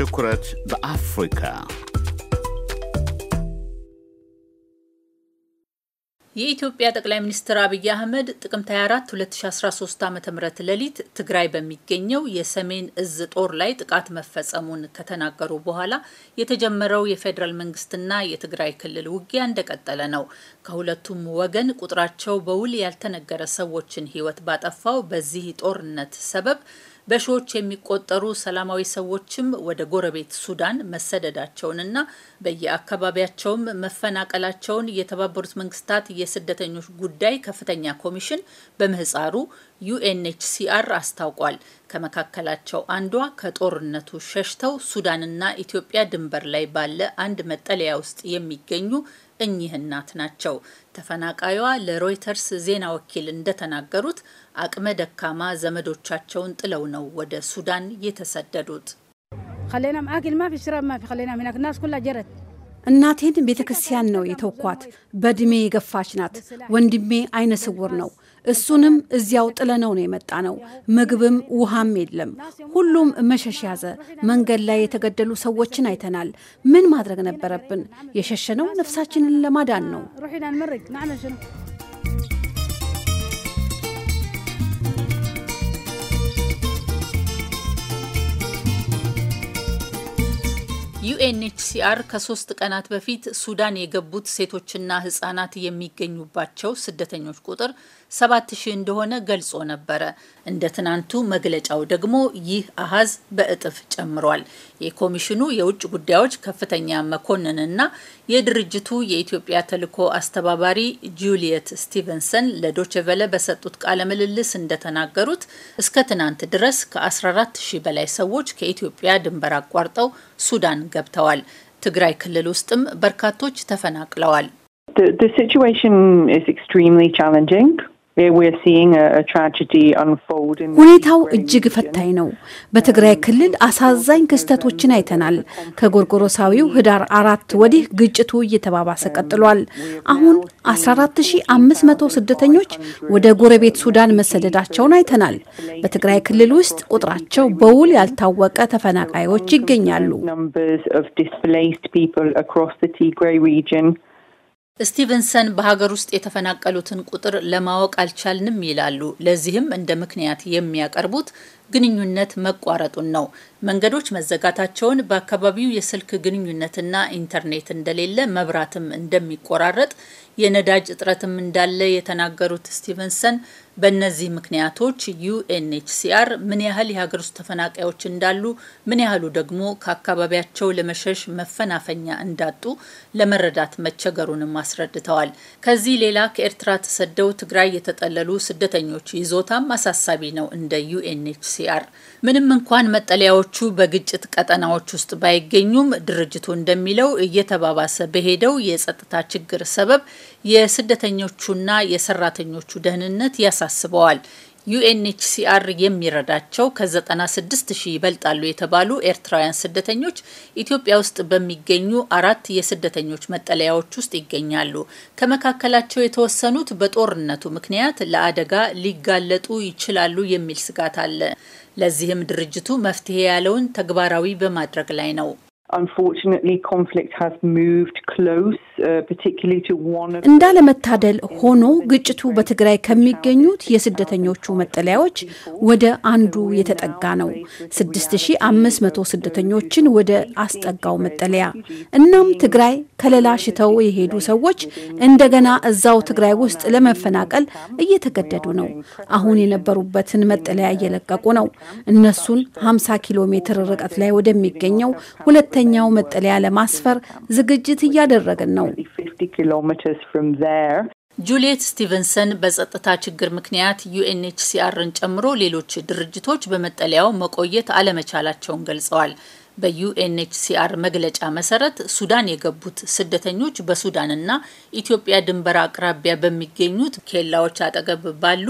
ትኩረት በአፍሪካ የኢትዮጵያ ጠቅላይ ሚኒስትር አብይ አህመድ ጥቅምት 24 2013 ዓ ም ሌሊት ትግራይ በሚገኘው የሰሜን እዝ ጦር ላይ ጥቃት መፈጸሙን ከተናገሩ በኋላ የተጀመረው የፌዴራል መንግስትና የትግራይ ክልል ውጊያ እንደቀጠለ ነው። ከሁለቱም ወገን ቁጥራቸው በውል ያልተነገረ ሰዎችን ህይወት ባጠፋው በዚህ ጦርነት ሰበብ በሺዎች የሚቆጠሩ ሰላማዊ ሰዎችም ወደ ጎረቤት ሱዳን መሰደዳቸውንና በየአካባቢያቸውም መፈናቀላቸውን የተባበሩት መንግስታት የስደተኞች ጉዳይ ከፍተኛ ኮሚሽን በምህፃሩ ዩኤንኤችሲአር አስታውቋል። ከመካከላቸው አንዷ ከጦርነቱ ሸሽተው ሱዳንና ኢትዮጵያ ድንበር ላይ ባለ አንድ መጠለያ ውስጥ የሚገኙ እኚህ እናት ናቸው። ተፈናቃዩዋ ለሮይተርስ ዜና ወኪል እንደተናገሩት አቅመ ደካማ ዘመዶቻቸውን ጥለው ነው ወደ ሱዳን የተሰደዱት። እናቴን ቤተ ክርስቲያን ነው የተውኳት። በእድሜ የገፋች ናት። ወንድሜ አይነ ስውር ነው። እሱንም እዚያው ጥለነው ነው የመጣ ነው። ምግብም ውሃም የለም። ሁሉም መሸሽ ያዘ። መንገድ ላይ የተገደሉ ሰዎችን አይተናል። ምን ማድረግ ነበረብን? የሸሸነው ነፍሳችንን ለማዳን ነው። ዩኤንኤችሲአር ከሶስት ቀናት በፊት ሱዳን የገቡት ሴቶችና ህጻናት የሚገኙባቸው ስደተኞች ቁጥር ሰባት ሺህ እንደሆነ ገልጾ ነበረ። እንደ ትናንቱ መግለጫው ደግሞ ይህ አሃዝ በእጥፍ ጨምሯል። የኮሚሽኑ የውጭ ጉዳዮች ከፍተኛ መኮንንና የድርጅቱ የኢትዮጵያ ተልዕኮ አስተባባሪ ጁሊየት ስቲቨንሰን ለዶችቨለ በሰጡት ቃለ ምልልስ እንደተናገሩት እስከ ትናንት ድረስ ከ14 ሺህ በላይ ሰዎች ከኢትዮጵያ ድንበር አቋርጠው ሱዳን ገብተዋል። ትግራይ ክልል ውስጥም በርካቶች ተፈናቅለዋል። The, the situation is extremely challenging. ሁኔታው እጅግ ፈታኝ ነው። በትግራይ ክልል አሳዛኝ ክስተቶችን አይተናል። ከጎርጎሮሳዊው ህዳር አራት ወዲህ ግጭቱ እየተባባሰ ቀጥሏል። አሁን 14500 ስደተኞች ወደ ጎረቤት ሱዳን መሰደዳቸውን አይተናል። በትግራይ ክልል ውስጥ ቁጥራቸው በውል ያልታወቀ ተፈናቃዮች ይገኛሉ። ስቲቨንሰን በሀገር ውስጥ የተፈናቀሉትን ቁጥር ለማወቅ አልቻልንም ይላሉ። ለዚህም እንደ ምክንያት የሚያቀርቡት ግንኙነት መቋረጡን ነው። መንገዶች መዘጋታቸውን፣ በአካባቢው የስልክ ግንኙነትና ኢንተርኔት እንደሌለ፣ መብራትም እንደሚቆራረጥ፣ የነዳጅ እጥረትም እንዳለ የተናገሩት ስቲቨንሰን በእነዚህ ምክንያቶች ዩኤንኤችሲአር ምን ያህል የሀገር ውስጥ ተፈናቃዮች እንዳሉ፣ ምን ያህሉ ደግሞ ከአካባቢያቸው ለመሸሽ መፈናፈኛ እንዳጡ ለመረዳት መቸገሩንም አስረድተዋል። ከዚህ ሌላ ከኤርትራ ተሰደው ትግራይ የተጠለሉ ስደተኞች ይዞታም አሳሳቢ ነው እንደ ዩኤንኤችሲአር ዩኤንኤችሲአር ምንም እንኳን መጠለያዎቹ በግጭት ቀጠናዎች ውስጥ ባይገኙም ድርጅቱ እንደሚለው እየተባባሰ በሄደው የጸጥታ ችግር ሰበብ የስደተኞቹና የሰራተኞቹ ደህንነት ያሳስበዋል። ዩኤንኤችሲአር የሚረዳቸው ከ96 ሺህ ይበልጣሉ የተባሉ ኤርትራውያን ስደተኞች ኢትዮጵያ ውስጥ በሚገኙ አራት የስደተኞች መጠለያዎች ውስጥ ይገኛሉ። ከመካከላቸው የተወሰኑት በጦርነቱ ምክንያት ለአደጋ ሊጋለጡ ይችላሉ የሚል ስጋት አለ። ለዚህም ድርጅቱ መፍትሄ ያለውን ተግባራዊ በማድረግ ላይ ነው። Uh, እንዳለመታደል ሆኖ ግጭቱ በትግራይ ከሚገኙት የስደተኞቹ መጠለያዎች ወደ አንዱ የተጠጋ ነው። 6500 ስደተኞችን ወደ አስጠጋው መጠለያ። እናም ትግራይ ከለላ ሽተው የሄዱ ሰዎች እንደገና እዛው ትግራይ ውስጥ ለመፈናቀል እየተገደዱ ነው። አሁን የነበሩበትን መጠለያ እየለቀቁ ነው። እነሱን 50 ኪሎ ሜትር ርቀት ላይ ወደሚገኘው ሁለተ ከፍተኛው መጠለያ ለማስፈር ዝግጅት እያደረግን ነው። ጁልየት ስቲቨንሰን በጸጥታ ችግር ምክንያት ዩኤንኤችሲአርን ጨምሮ ሌሎች ድርጅቶች በመጠለያው መቆየት አለመቻላቸውን ገልጸዋል። በዩኤንኤችሲአር መግለጫ መሰረት ሱዳን የገቡት ስደተኞች በሱዳንና ኢትዮጵያ ድንበር አቅራቢያ በሚገኙት ኬላዎች አጠገብ ባሉ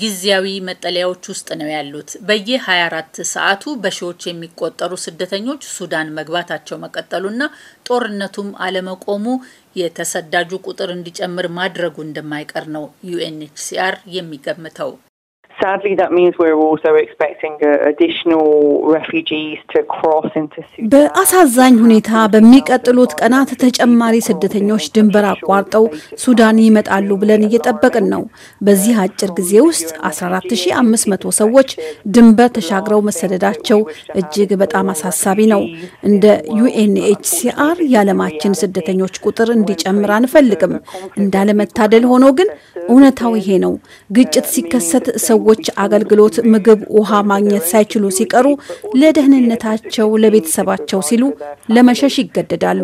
ጊዜያዊ መጠለያዎች ውስጥ ነው ያሉት። በየ 24 ሰዓቱ በሺዎች የሚቆጠሩ ስደተኞች ሱዳን መግባታቸው መቀጠሉና ጦርነቱም አለመቆሙ የተሰዳጁ ቁጥር እንዲጨምር ማድረጉ እንደማይቀር ነው ዩኤንኤችሲአር የሚገምተው። በአሳዛኝ ሁኔታ በሚቀጥሉት ቀናት ተጨማሪ ስደተኞች ድንበር አቋርጠው ሱዳን ይመጣሉ ብለን እየጠበቅን ነው። በዚህ አጭር ጊዜ ውስጥ 14500 ሰዎች ድንበር ተሻግረው መሰደዳቸው እጅግ በጣም አሳሳቢ ነው። እንደ ዩኤንኤችሲአር የዓለማችን ስደተኞች ቁጥር እንዲጨምር አንፈልግም። እንዳለመታደል ሆኖ ግን እውነታው ይሄ ነው። ግጭት ሲከሰት ሰዎች ሰዎች አገልግሎት፣ ምግብ፣ ውሃ ማግኘት ሳይችሉ ሲቀሩ ለደህንነታቸው፣ ለቤተሰባቸው ሲሉ ለመሸሽ ይገደዳሉ።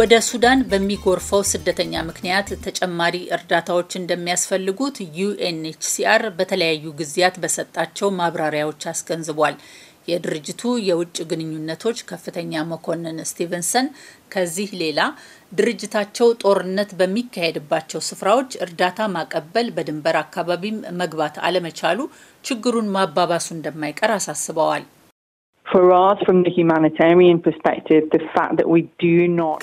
ወደ ሱዳን በሚጎርፈው ስደተኛ ምክንያት ተጨማሪ እርዳታዎች እንደሚያስፈልጉት ዩኤንኤችሲአር በተለያዩ ጊዜያት በሰጣቸው ማብራሪያዎች አስገንዝቧል። የድርጅቱ የውጭ ግንኙነቶች ከፍተኛ መኮንን ስቲቨንሰን ከዚህ ሌላ ድርጅታቸው ጦርነት በሚካሄድባቸው ስፍራዎች እርዳታ ማቀበል፣ በድንበር አካባቢም መግባት አለመቻሉ ችግሩን ማባባሱ እንደማይቀር አሳስበዋል።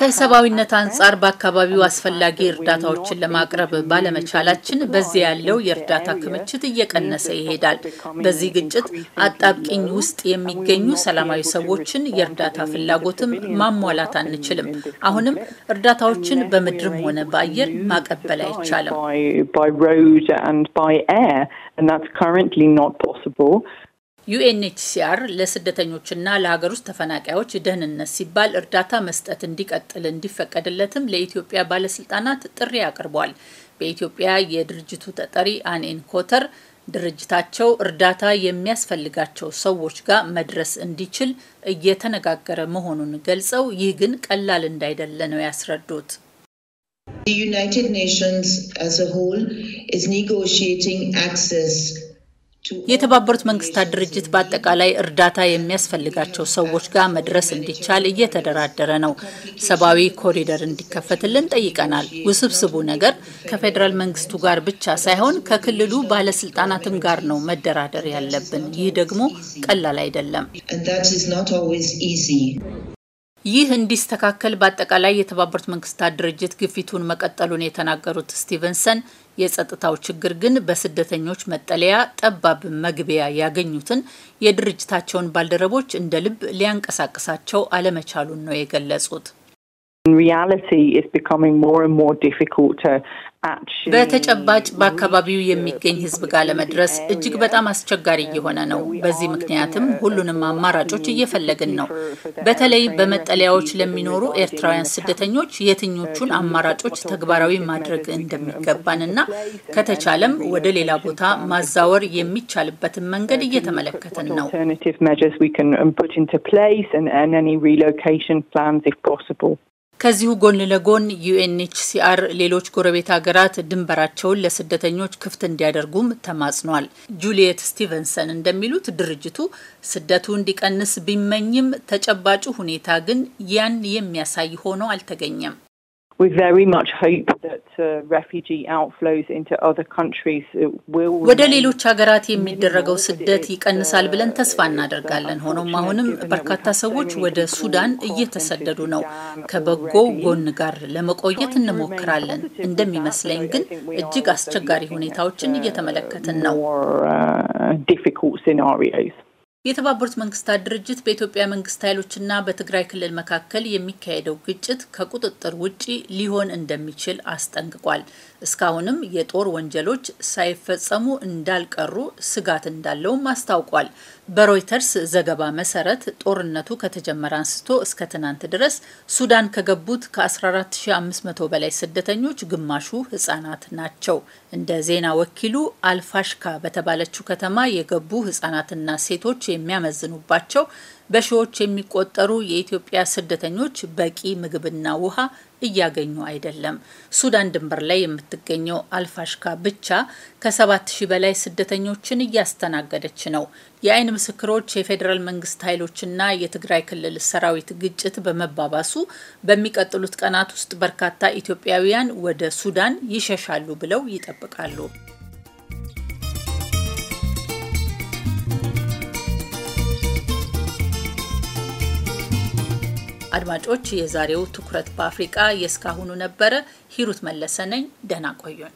ከሰብአዊነት አንጻር በአካባቢው አስፈላጊ እርዳታዎችን ለማቅረብ ባለመቻላችን በዚህ ያለው የእርዳታ ክምችት እየቀነሰ ይሄዳል። በዚህ ግጭት አጣብቂኝ ውስጥ የሚገኙ ሰላማዊ ሰዎችን የእርዳታ ፍላጎትም ማሟላት አንችልም። አሁንም እርዳታዎችን በምድርም ሆነ በአየር ማቀበል አይቻልም። ዩኤንኤችሲአር ለስደተኞችና ለሀገር ውስጥ ተፈናቃዮች ደህንነት ሲባል እርዳታ መስጠት እንዲቀጥል እንዲፈቀድለትም ለኢትዮጵያ ባለስልጣናት ጥሪ አቅርቧል። በኢትዮጵያ የድርጅቱ ተጠሪ አኔን ኮተር ድርጅታቸው እርዳታ የሚያስፈልጋቸው ሰዎች ጋር መድረስ እንዲችል እየተነጋገረ መሆኑን ገልጸው ይህ ግን ቀላል እንዳይደለ ነው ያስረዱት። The United Nations as a whole is negotiating access የተባበሩት መንግስታት ድርጅት በአጠቃላይ እርዳታ የሚያስፈልጋቸው ሰዎች ጋር መድረስ እንዲቻል እየተደራደረ ነው። ሰብአዊ ኮሪደር እንዲከፈትልን ጠይቀናል። ውስብስቡ ነገር ከፌዴራል መንግስቱ ጋር ብቻ ሳይሆን ከክልሉ ባለስልጣናትም ጋር ነው መደራደር ያለብን። ይህ ደግሞ ቀላል አይደለም። ይህ እንዲስተካከል በአጠቃላይ የተባበሩት መንግስታት ድርጅት ግፊቱን መቀጠሉን የተናገሩት ስቲቨንሰን የጸጥታው ችግር ግን በስደተኞች መጠለያ ጠባብ መግቢያ ያገኙትን የድርጅታቸውን ባልደረቦች እንደ ልብ ሊያንቀሳቅሳቸው አለመቻሉን ነው የገለጹት። በተጨባጭ በአካባቢው የሚገኝ ህዝብ ጋር ለመድረስ እጅግ በጣም አስቸጋሪ እየሆነ ነው። በዚህ ምክንያትም ሁሉንም አማራጮች እየፈለግን ነው። በተለይ በመጠለያዎች ለሚኖሩ ኤርትራውያን ስደተኞች የትኞቹን አማራጮች ተግባራዊ ማድረግ እንደሚገባን እና ከተቻለም ወደ ሌላ ቦታ ማዛወር የሚቻልበትን መንገድ እየተመለከትን ነው። ከዚሁ ጎን ለጎን ዩኤንኤችሲአር ሌሎች ጎረቤት ሀገራት ድንበራቸውን ለስደተኞች ክፍት እንዲያደርጉም ተማጽኗል። ጁሊየት ስቲቨንሰን እንደሚሉት ድርጅቱ ስደቱ እንዲቀንስ ቢመኝም ተጨባጩ ሁኔታ ግን ያን የሚያሳይ ሆኖ አልተገኘም። We very much hope that ወደ ሌሎች ሀገራት የሚደረገው ስደት uh, ይቀንሳል ብለን ተስፋ እናደርጋለን። ሆኖም አሁንም በርካታ ሰዎች ወደ ሱዳን እየተሰደዱ ነው። ከበጎው ጎን ጋር ለመቆየት እንሞክራለን። እንደሚመስለኝ ግን እጅግ አስቸጋሪ ሁኔታዎችን uh, እየተመለከትን ነው። uh, የተባበሩት መንግስታት ድርጅት በኢትዮጵያ መንግስት ኃይሎችና በትግራይ ክልል መካከል የሚካሄደው ግጭት ከቁጥጥር ውጪ ሊሆን እንደሚችል አስጠንቅቋል። እስካሁንም የጦር ወንጀሎች ሳይፈጸሙ እንዳልቀሩ ስጋት እንዳለውም አስታውቋል። በሮይተርስ ዘገባ መሰረት ጦርነቱ ከተጀመረ አንስቶ እስከ ትናንት ድረስ ሱዳን ከገቡት ከ14500 በላይ ስደተኞች ግማሹ ህጻናት ናቸው። እንደ ዜና ወኪሉ አልፋሽካ በተባለችው ከተማ የገቡ ህጻናትና ሴቶች የሚያመዝኑባቸው በሺዎች የሚቆጠሩ የኢትዮጵያ ስደተኞች በቂ ምግብና ውሃ እያገኙ አይደለም። ሱዳን ድንበር ላይ የምትገኘው አልፋሽካ ብቻ ከሰባት ሺህ በላይ ስደተኞችን እያስተናገደች ነው። የአይን ምስክሮች የፌዴራል መንግስት ኃይሎችና የትግራይ ክልል ሰራዊት ግጭት በመባባሱ በሚቀጥሉት ቀናት ውስጥ በርካታ ኢትዮጵያውያን ወደ ሱዳን ይሸሻሉ ብለው ይጠብቃሉ። አድማጮች፣ የዛሬው ትኩረት በአፍሪቃ የእስካሁኑ ነበረ። ሂሩት መለሰ ነኝ። ደህና ቆዩን።